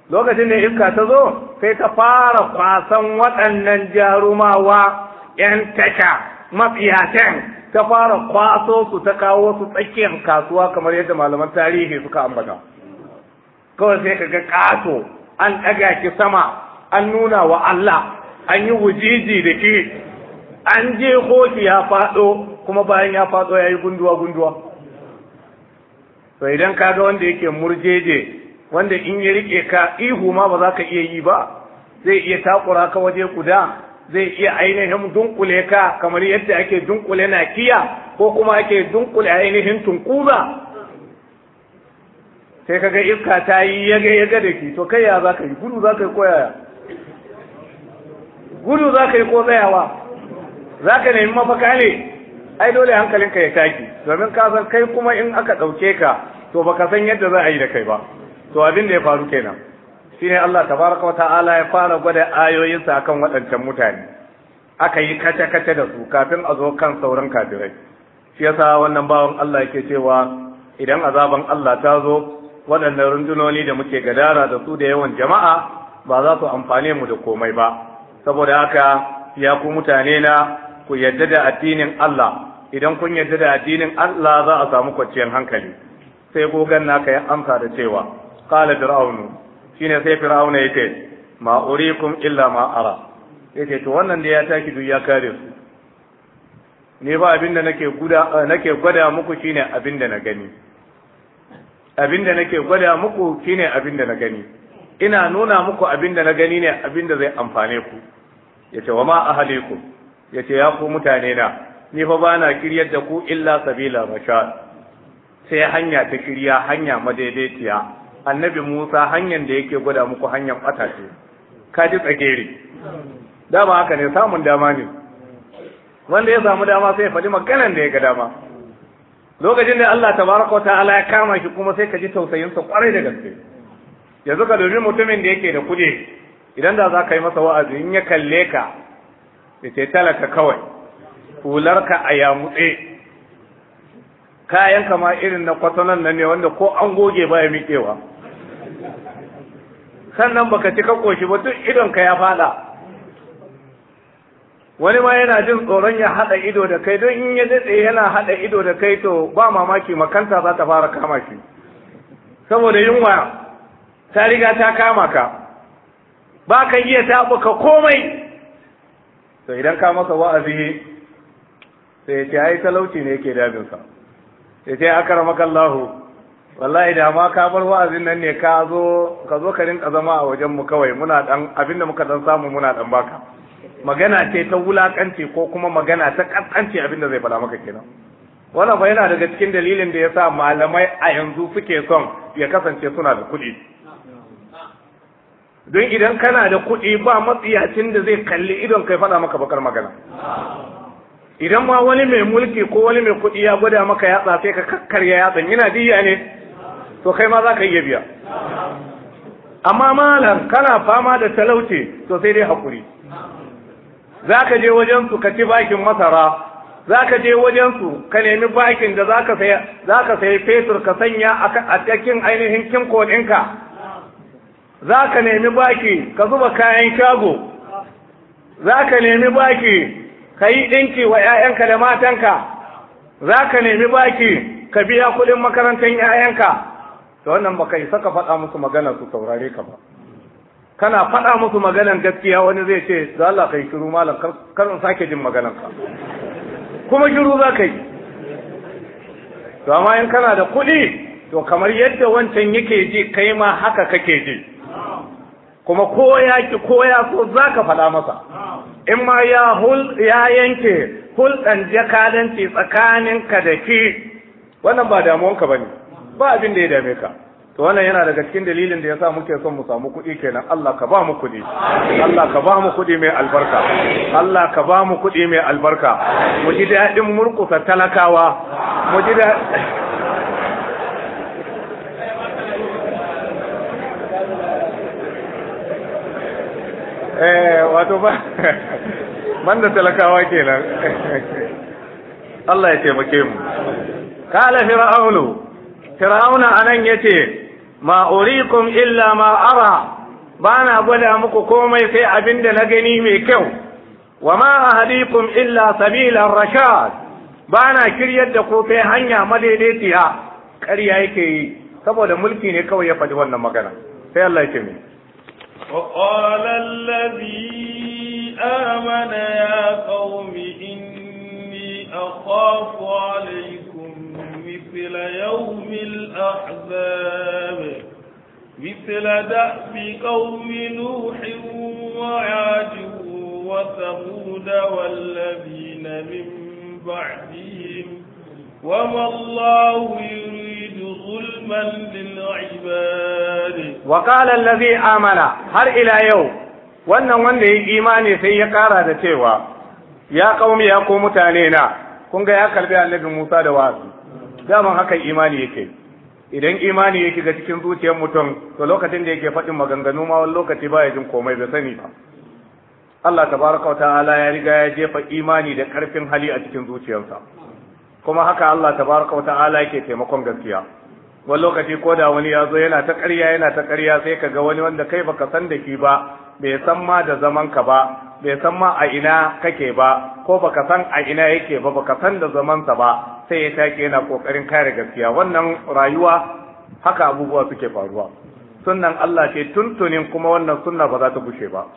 lokacin da iska ta zo sai ta fara kwasan waɗannan jarumawa 'yan tasha mafiyatan ta fara kwaso su ta kawo su tsakiyar kasuwa kamar yadda malaman tarihi suka ambata kawai sai ka ga kato an ɗaga ki sama an nuna wa Allah an yi wujiji da ke an je hoti ya faɗo kuma bayan ya faɗo ya yi gunduwa gunduwa to idan ka ga wanda yake murjeje wanda in ya rike ka ihu ma ba za ka iya yi ba zai iya takura ka waje guda zai iya ainihin dunkule ka kamar yadda ake dunkule na nakiya ko kuma ake dunkule ainihin tunkuza sai kaga iska ta yi yaga yaga da ke to kai ya za ka yi gudu za ka yi koyaya gudu za ka yi ko tsayawa za ka nemi mafaka ne ai dole hankalinka ya taki domin ka san kai kuma in aka ɗauke ka to baka san yadda za a yi da kai ba to abin da ya faru kenan shine Allah tabaraka wata ala ya fara gwada ayoyinsa kan waɗancan mutane aka yi kace kace da su kafin a zo kan sauran kafirai shi yasa wannan bawan Allah yake cewa idan azaban Allah ta zo waɗannan rundunoni da muke gadara da su da yawan jama'a ba za su amfane mu da komai ba saboda haka ya ku mutane na ku yadda da addinin Allah idan kun yadda da addinin Allah za a samu kwanciyar hankali sai gogan naka ya amsa da cewa qala fir'aunu shine sai fir'auna yace ma urikum illa ma ara yace to wannan da ya taki duniya ya kare su ne ba abinda nake guda eh, nake gwada muku shine abinda na gani abinda nake gwada muku shine abinda na gani ina nuna muku abinda na gani ne abinda zai amfane ku yace wa ma ahalikum yace ya ku mutane na ni fa bana kiryar da ku illa sabila rashad sai hanya ta kirya hanya madaidaiciya annabi Musa hanyar da yake gwada muku hanyar bata ce ka ji tsagere dama haka ne samun dama ne wanda ya samu dama sai ya faɗi maganar da ya ga dama lokacin da Allah Ta baraka wata ala ya kama shi kuma sai ka ji tausayin sa kwarai da gaske yanzu ka dori mutumin da yake da kuɗi idan da za ka yi masa wa'azi in ya kalle ka ya ce talaka kawai Hular ka a yamutse kayan kama irin na kwatanan nan ne wanda ko an goge baya miƙewa sannan baka ci ka koshi ba duk idon ka ya fada wani ma yana jin tsoron ya hada ido da kai don in ya daɗe yana hada ido da kai to ba mamaki makanta za ta fara kama shi saboda yunwa ta riga ta kama ka ba ka iya taɓuka komai to idan ka masa wa'azi sai ya ce ai talauci ne yake dabinsa ya ce akaramaka Allahu wallahi da ma ka bar wa'azin nan ne ka zo ka zo ka rinka zama a wajen mu kawai muna dan abin da muka dan samu muna dan baka magana ce ta wulakanci ko kuma magana ta kaskanci da zai fada maka kenan wannan fa yana daga cikin dalilin da yasa malamai a yanzu suke son ya kasance suna da kuɗi don idan kana da kuɗi ba matsiyacin da zai kalli idon kai faɗa maka bakar magana idan ma wani mai mulki ko wani mai kuɗi ya gwada maka yatsa sai ka kakkarya yatsan yana diya ne to kai ma za ka iya biya amma malam kana fama da talauci to sai dai hakuri za ka je wajen su ka ci bakin masara za ka je wajen su ka nemi bakin da za ka sayi fetur ka sanya a cikin ainihin kin za ka nemi baki ka zuba kayan shago za ka nemi baki ka yi ɗinki wa 'ya'yanka da matanka za ka nemi baki ka biya kuɗin makarantar 'ya'yanka to wannan baka isa ka faɗa musu magana su saurare ka ba kana faɗa musu maganan gaskiya wani zai ce za Allah kai shiru malam kar in sake jin maganan ka kuma shiru za ka to amma in kana da kuɗi to kamar yadda wancan yake ji kai ma haka kake ji kuma ko ya ki ko ya so za ka faɗa masa in ma ya hul ya yanke hulɗan jakadanci tsakaninka da ki wannan ba damuwanka ba ne ba abin da ya dame ka to wannan yana daga cikin dalilin da yasa muke son mu samu kuɗi kenan Allah ka ba mu kuɗi Allah ka ba mu kuɗi mai albarka Allah ka ba mu kuɗi mai albarka mu ji daɗin murƙusa talakawa mu ji daɗin eh, wato ba man da talakawa kenan Allah ya taimake mu kala fir'aunu fir'auna anan ya ma urikum illa ma ara bana gwada muku komai sai abin da na gani mai kyau wa ma ahdikum illa sabila rashad bana kiryar da ku sai hanya madaidaiciya ƙarya yake yi saboda mulki ne kawai ya faɗi wannan magana sai Allah ya وقال الذي آمن يا قوم إني أخاف عليكم مثل يوم الأحزاب مثل دأب قوم نوح وعاد وثمود والذين من بعدهم وما الله يريد ظلما للعباد وقال الذي آمن هر إلى يوم wannan wanda ya imani sai ya kara da cewa ya kaumi ya ko mutane na kun ga ya karbi annabi Musa da wasu daman hakan imani yake idan imani ya ga cikin zuciyar mutum to lokacin da yake faɗin maganganu ma wani lokaci baya jin komai bai sani ba Allah tabaraka wa ta'ala ya riga ya jefa imani da karfin hali a cikin zuciyarsa kuma haka Allah tabaraka wa ta'ala yake taimakon gaskiya wani lokaci ko da wani ya zo yana ta ƙarya yana ta ƙarya sai ka ga wani wanda kai baka san da shi ba bai san ma da zaman ka ba bai san ma a ina kake ba ko baka san a ina yake ba baka san da zamansa ba sai ya take yana kokarin kare gaskiya wannan rayuwa haka abubuwa suke faruwa sunnan Allah ce tuntunin kuma wannan sunna ba za ta bushe ba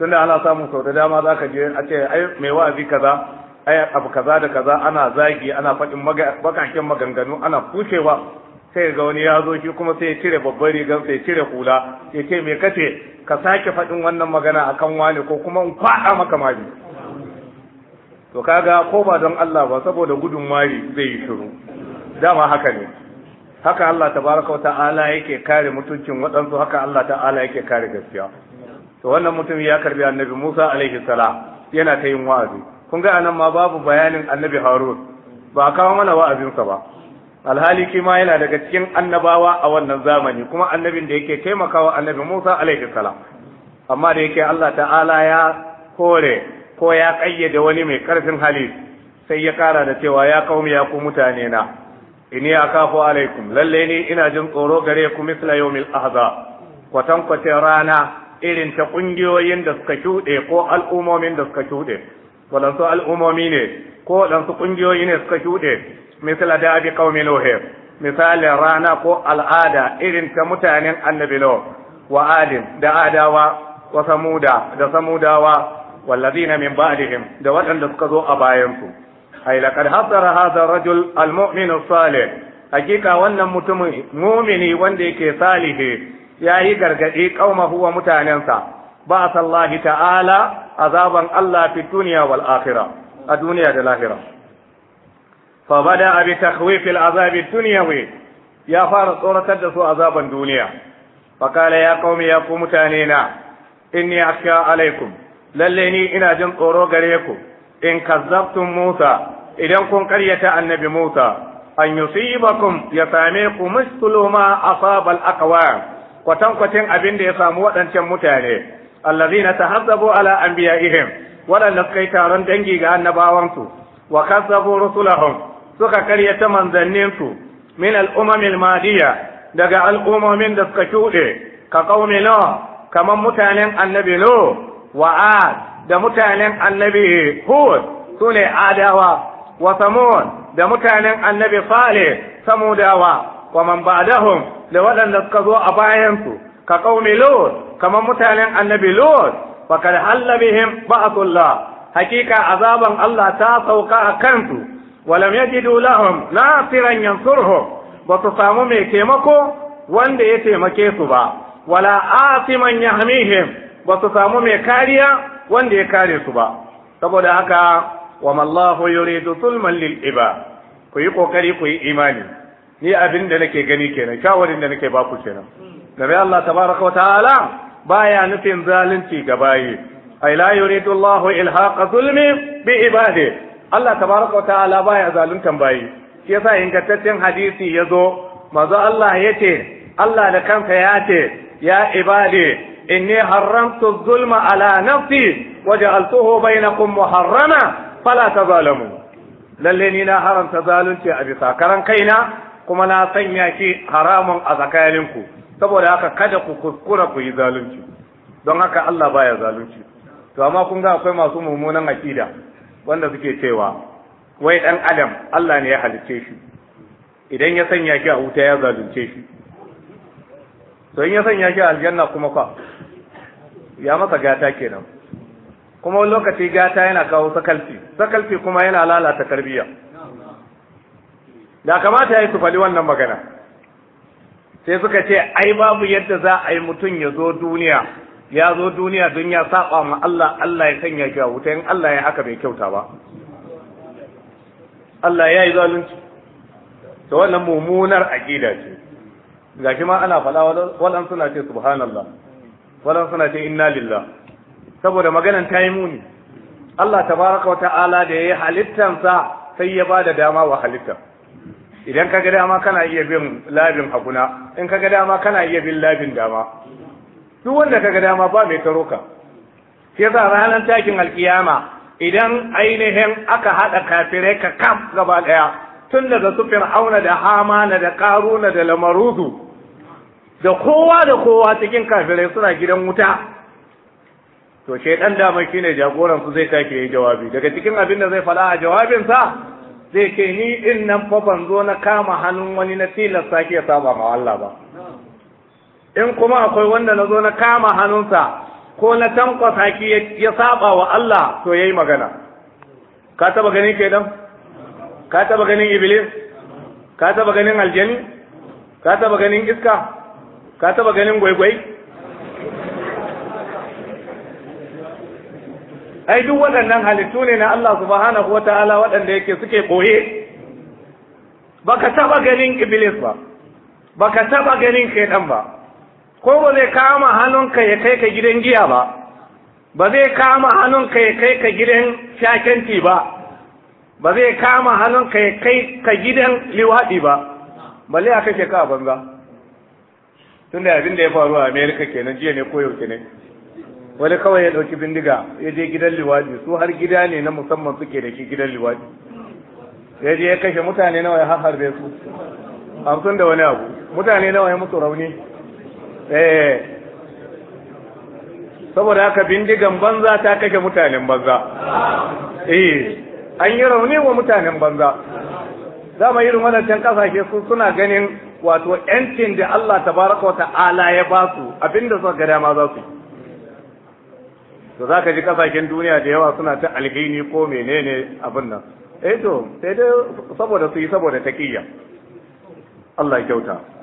tunda ana samun sau da dama za ka je a ce ai mai wa'azi kaza ai abu kaza da kaza ana zagi ana faɗin bakakin maganganu ana kushewa sai ga wani ya zo shi kuma sai ya cire babban rigar sai ya cire hula ya ce me kace ka sake faɗin wannan magana akan wani ko kuma in kwaɗa maka mari to kaga ko ba don Allah ba saboda gudun mari zai yi shiru dama haka ne haka Allah tabaraka wa ta'ala yake kare mutuncin waɗansu haka Allah ta'ala yake kare gaskiya to wannan mutum ya karbi annabi Musa alaihi salam yana ta yin wa'azi kun ga anan ma babu bayanin annabi Harun ba kawo mana wa'azinsa ba alhali shi ma yana daga cikin annabawa a wannan zamani kuma annabin da yake taimakawa annabi Musa alaihi salam amma da yake Allah ta'ala ya kore ko ya kayyade wani mai karfin hali sai ya kara da cewa ya kaumi ya ku mutane na inni akafu alaikum lalle ni ina jin tsoro gare ku misla yawmil ahza kwatan kwace rana irin ta kungiyoyin da suka shuɗe ko al'umomin da suka shuɗe waɗansu al'umomi ne ko waɗansu ƙungiyoyi ne suka shuɗe misal da abi qaumi misalin rana ko al'ada irin ta mutanen annabi nuh wa adin da adawa samuda da samudawa walladina min ba'dihim da waɗanda suka zo a bayansu. su ai laqad hadara rajul al mu'min as salih hakika wannan mutumin mu'mini wanda yake salihi yayi gargadi qaumahu wa mutanansa ba sallahi ta'ala azaban allah fi dunya wal a duniya da lahira fabada abi takwe fil azabi duniyawi ya fara tsoratar da su azaban duniya fakala ya kawmi ya ku mutane na inni akhsha alaikum lallai ni ina jin tsoro gare ku in kazzabtum musa idan kun karyata annabi musa an yusibakum ya same ku mislu ma asaba al aqwa kwatan kwatin abin da ya samu waɗancan mutane A allazina tahazzabu ala anbiya'ihim wadanda suka yi taron dangi ga annabawansu wa kazzabu rusulahum suka karyata manzanninsu min al'umamil madiya daga al'ummomin da suka shuɗe ka qaumi no kamar mutanen annabi no wa da mutanen annabi hud sune adawa wa samud da mutanen annabi fale samudawa wa man da waɗanda suka zo a bayansu ka qaumi lut kamar mutanen annabi lut fa hallabihim ba a ba'athullah hakika azaban Allah ta sauka a kansu walam yajidu lahum nasiran yansurhum ba su samu mai taimako wanda ya taimake su ba wala asiman yahmihim ba su samu mai kariya wanda ya kare su ba saboda haka wa mallahu yuridu zulman lil ibad ku yi kokari ku yi imani ni abin da nake gani kenan shawarin da nake baku kenan nabi Allah tabaraka wa ta'ala baya nufin zalunci ga bayi ay la yuridu Allahu ilhaqa zulmi bi ibadihi Allah tabaraka ta'ala baya zaluntan bayi shi yasa ingantaccen hadisi yazo manzo Allah yace Allah da kansa ya ce ya ibadi inni haramtu zulma ala nafsi waja'altuhu bainakum muharrama fala tazalamu lalle ni na haramta zalunci a bisa karan kaina kuma na sanya shi haramun a tsakaninku saboda haka kada ku kuskura ku yi zalunci don haka Allah baya zalunci to amma kun ga akwai masu mummunan akida wanda suke cewa wai dan adam Allah ne ya halicce shi idan ya sanya shi a wuta ya zalunce shi to in ya sanya shi a aljanna kuma fa ya masa gata kenan kuma wani lokaci gata yana kawo sakalfi, sakalfi kuma yana lalata tarbiyya da kamata ya yi tufali wannan magana sai suka ce ai babu yadda za a yi mutum ya zo duniya ya zo duniya don ya saba ma Allah Allah ya sanya shi a wuta in Allah ya haka bai kyauta ba Allah ya yi zalunci to wannan mummunar aqida ce shi ma ana faɗa walan suna ce subhanallah walan suna ce inna lillah saboda maganan ta yi muni Allah tabaraka wa ta'ala da ya yi halittansa sai ya ba da dama wa halitta. idan kaga dama kana iya bin labin hakuna in kaga dama kana iya bin labin dama duk wanda kaga dama ba mai taro ka shi yasa ranar takin alkiyama idan ainihin aka haɗa kafirai ka kam gaba ɗaya tun daga su fir'auna da hamana da karuna da lamarudu da kowa da kowa cikin kafirai suna gidan wuta to shaidan dama shine jagoran su zai take yi jawabi daga cikin abin da zai faɗa a jawabinsa zai ce ni in nan fa ban zo na kama hannun wani na tilasta ke saba ma Allah ba in kuma akwai wanda na zo na kama hannunsa ko na tankwasa ki ya saba wa Allah to yayi magana ka taba ganin kenan ka taba ganin iblis ka taba ganin aljani ka taba ganin iska ka taba ganin gwaigwai ai duk waɗannan halittu ne na Allah subhanahu wataala waɗanda yake suke koye baka taba ganin iblis ba baka taba ganin shaitan ba ko ba zai kama hannunka ya kai ka gidan giya ba ba zai kama hannunka ya kai ka gidan shakenti ba ba zai kama hannunka ya kai ka gidan liwaɗi ba balle a kashe ka a tun tunda abin da ya faru a america kenan jiya ne ko yauke ne wani kawai ya ɗauki bindiga ya je gidan liwaɗi su har gida ne na musamman suke da shi gidan liwaɗi ya je ya kashe mutane nawa ya harbe su hamsin da wani abu mutane nawa ya musu rauni eh saboda haka bindigan banza ta kashe mutanen banza eh an yi rauni wa mutanen banza dama irin can kasashe su suna ganin wato yancin da Allah tabaraka wa ta'ala ya ba su abinda suka ga dama za su yi to za ka ji kasashen duniya da yawa suna ta alhini ko menene abin nan eh to sai dai saboda su yi saboda taƙiyya Allah ya kyauta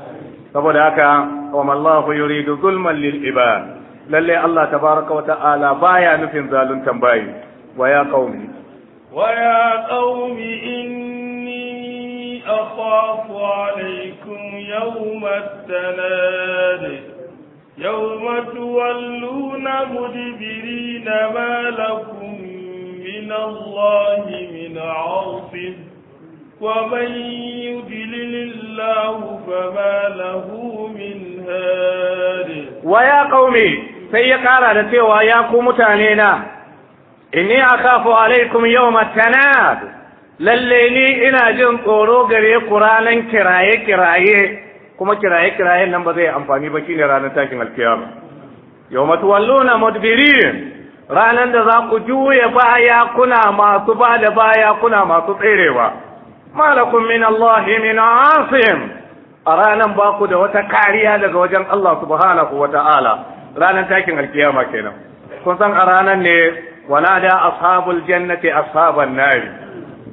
saboda haka wa mallahu yuridu zulman lil ibad lalle Allah tabaraka wa ta'ala baya nufin zaluntan bayi wa ya qaumi wa ya qaumi inni akhafu alaykum yawma tanad يوم تولون مدبرين ما لكم من الله من عاصم ومن يدلل الله فما له من هاد ويا قومي sai ya ƙara da cewa ya ku mutane na inni akhafu alaikum yau tanad ni ina jin tsoro gare ku ranan kiraye kiraye kuma kiraye kiraye nan ba zai amfani ba shine ranar takin alkiyama yawma na mudbirin Ranar da za ku juye baya kuna masu ba da baya kuna masu tserewa malakum min Allah min asim a ranan ba ku da wata kariya daga wajen Allah subhanahu wa ta'ala ranan takin alkiyama kenan kun san a ranan ne wanada ashabul jannati ashaban nari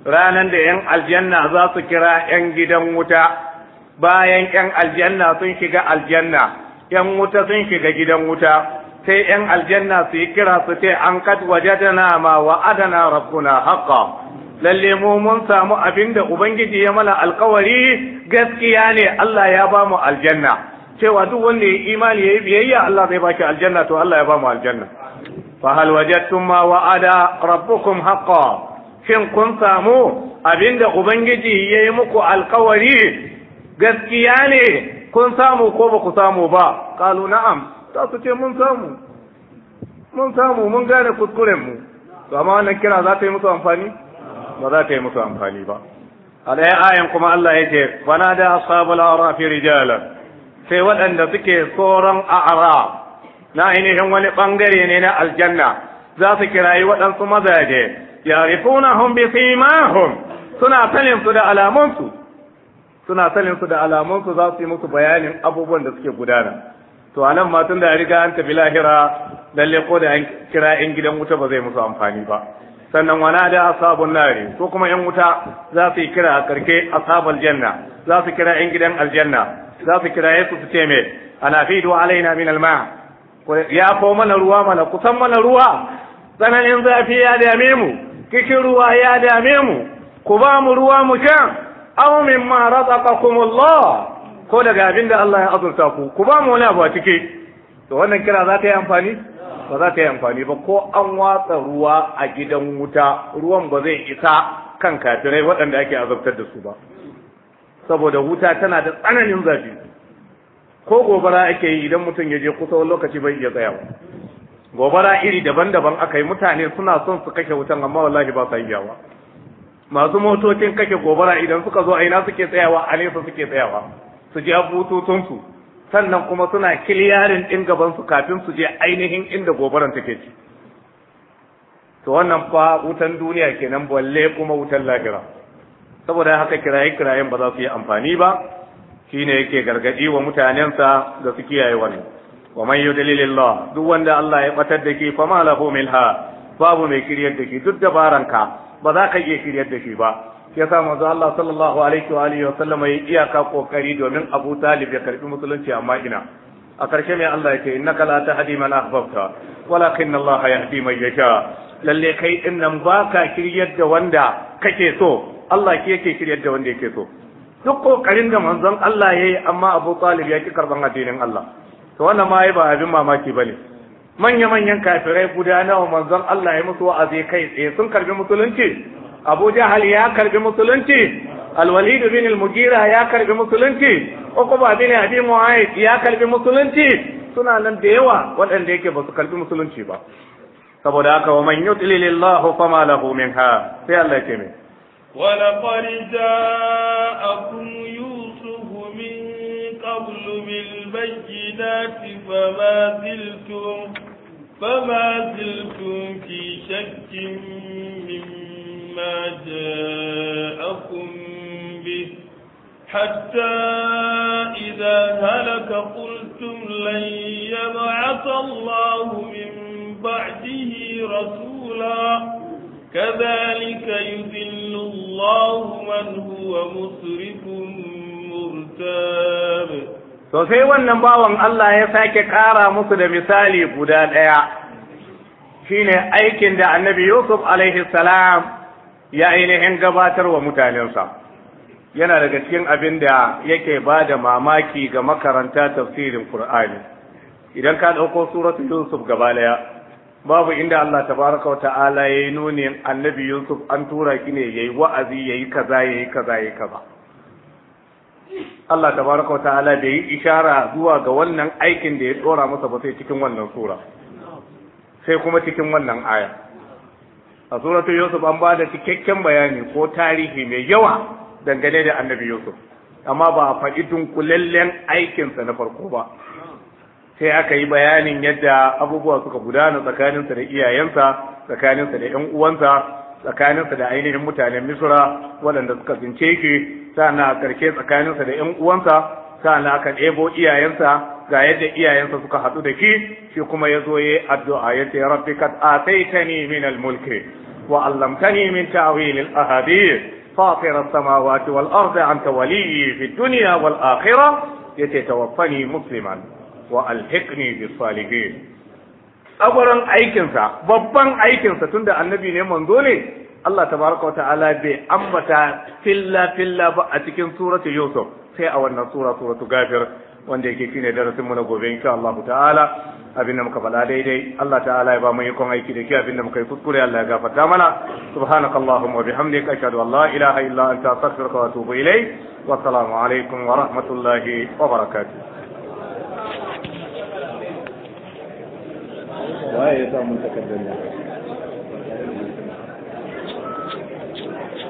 ranan da yan aljanna za su kira yan gidan wuta bayan yan aljanna sun shiga aljanna yan wuta sun shiga gidan wuta sai yan aljanna su yi kira su ce an kad wajadana ma wa'adana rabbuna haqqan lalle mu mun samu abin da ubangiji ya mana alkawari gaskiya ne Allah ya ba mu aljanna cewa duk wanda ya imani ya yi biyayya Allah zai baki aljanna to Allah ya ba mu aljanna fa hal wajadtum ma wa'ada rabbukum haqqan shin kun samu abin da ubangiji ya yi muku alkawari gaskiya ne kun samu ko ba ku samu ba qalu na'am ta su ce mun samu mun samu mun gane kuskuren mu to amma wannan kira za ta yi musu amfani ba za ta yi musu amfani ba a ɗaya ayan kuma Allah ya ce bana da ashabul arafi rijala sai waɗanda suke tsoron a'ara na ainihin wani ɓangare ne na aljanna za su kirayi waɗansu mazaje yarifunahum bi simahum suna sanin da alamunsu suna sanin da alamunsu za su yi musu bayanin abubuwan da suke gudana to anan ma tun da riga an tafi lahira lalle ko da an kira yan gidan wuta ba zai musu amfani ba sannan wana da sabon nari ko kuma yan wuta za su yi kira a karke asabar janna za su kira yan gidan aljanna za su kira yesu su ce mai ana fidu alaina min alma ya ko mana ruwa mana kusan mana ruwa tsananin zafi ya dame mu kikin ruwa ya dame mu ku ba mu ruwa mu sha aw mimma razaqakumullah ko daga abin da Allah ya azurta ku ku ba mu wani abu a ciki to wannan kira za ta yi amfani ba za ta yi amfani ba ko an watsa ruwa a gidan wuta ruwan ba zai isa kan kafirai waɗanda ake azabtar da su ba saboda wuta tana da tsananin zafi ko gobara ake yi idan mutum ya je kusa wani lokaci bai iya tsayawa gobara iri daban-daban aka yi mutane suna son su kashe wutan amma wallahi ba sa iyawa masu motocin kashe gobara idan suka zo a ina suke tsayawa a nesa suke tsayawa su ji a su sannan kuma suna kiliyarin ɗin gabansu kafin su je ainihin inda gobaran take ci to wannan fa wutan duniya kenan balle kuma wutan lahira saboda haka kiraye kirayen ba za su yi amfani ba shine yake gargadi wa mutanensa da su kiyaye wani wa man yudlilillah duk wanda Allah ya batar da ke fa ma lahu babu mai kiryar da ke duk dabaranka ba za ka iya kiryar da ke ba ya sa manzo Allah sallallahu alaihi wa alihi wa sallama ya iyaka kokari domin Abu Talib ya karbi musulunci amma ina a karshe mai Allah ya ce innaka la tahdi man ahbabta walakin Allah yahdi man yasha lalle kai din nan baka kiryar da wanda kake so Allah ke yake kiryar da wanda yake so duk kokarin da manzon Allah yayi amma Abu Talib ya ki karban addinin Allah to wannan ma ba abin mamaki bane manya manyan kafirai guda nawa manzon Allah ya musu wa'azi kai tsaye sun karbi musulunci abu jahal ya karbi musulunci alwalid bin al-mugira ya karbi musulunci uqba bin abi mu'ayyid ya karbi musulunci suna nan da yawa waɗanda yake ba su karbi musulunci ba saboda haka wa man yudlilillahu fama lahu ha, sai Allah ya ce mai ولقد جاءكم يوسف من قبل بالبينات فما زلتم فما زلتم في شك مما جاءكم به حتى إذا هلك قلتم لن يبعث الله من بعده رسولا كذلك يذل الله من هو مسرف مرتاب to sai wannan bawan Allah ya sake kara musu da misali guda ɗaya shine aikin da annabi Yusuf alaihi salam ya ainihin gabatar wa mutanensa yana daga cikin abin da yake ba da mamaki ga makaranta tafsirin Kur'ani. idan ka ɗauko suratul yusuf gaba daya babu inda Allah tabaraka ta'ala ya yi nuni, annabi yusuf an tura ki ne ya wa'azi yayi kaza ya yi kaza ya kaza Allah tabaraka ta'ala bai yi ishara zuwa ga wannan aikin da ya ɗora masa ba sai cikin wannan sura sai kuma cikin wannan aya a suratul yusuf an ba da cikakken bayani ko tarihi mai yawa dangane da annabi yusuf amma ba a faɗi dunkulallen aikinsa na farko ba sai aka yi bayanin yadda abubuwa suka gudana tsakaninsa da iyayensa tsakaninsa da yan uwansa tsakaninsa da ainihin mutanen misra waɗanda suka zince shi sa'an a ƙarshe tsakaninsa da yan uwansa sa'an aka ɗebo iyayensa ga yadda iyayensa suka haɗu da shi shi kuma ya zo ya addu'a ya ce rabbi kad ataitani min al-mulki wa allamtani min ta'wil al-ahadith fatir as-samawati wal ardi anta waliyyi fi dunya wal akhirah yace tawaffani musliman wa alhiqni bis salihin a aikinsa babban aikinsa tunda annabi ne manzo ne Allah tabaraka wa ta'ala bai ambata filla filla ba a cikin suratu Yusuf sai a wannan sura suratu Gafir wanda yake shine darasin mu na gobe insha Allah ta'ala abinda muka faɗa daidai Allah ta'ala ya ba mu ikon aiki da ke abinda muka yi kuskure Allah ya gafarta mana subhanakallahumma wa bihamdika ashhadu an la ilaha illa anta astaghfiruka wa atubu ilayk wa assalamu alaikum wa rahmatullahi wa barakatuh waye ya